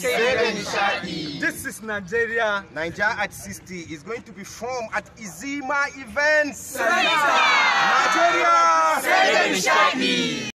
This is Nigeria. Nigeria at 60 is going to be formed at Izima Events. Nigeria. Seven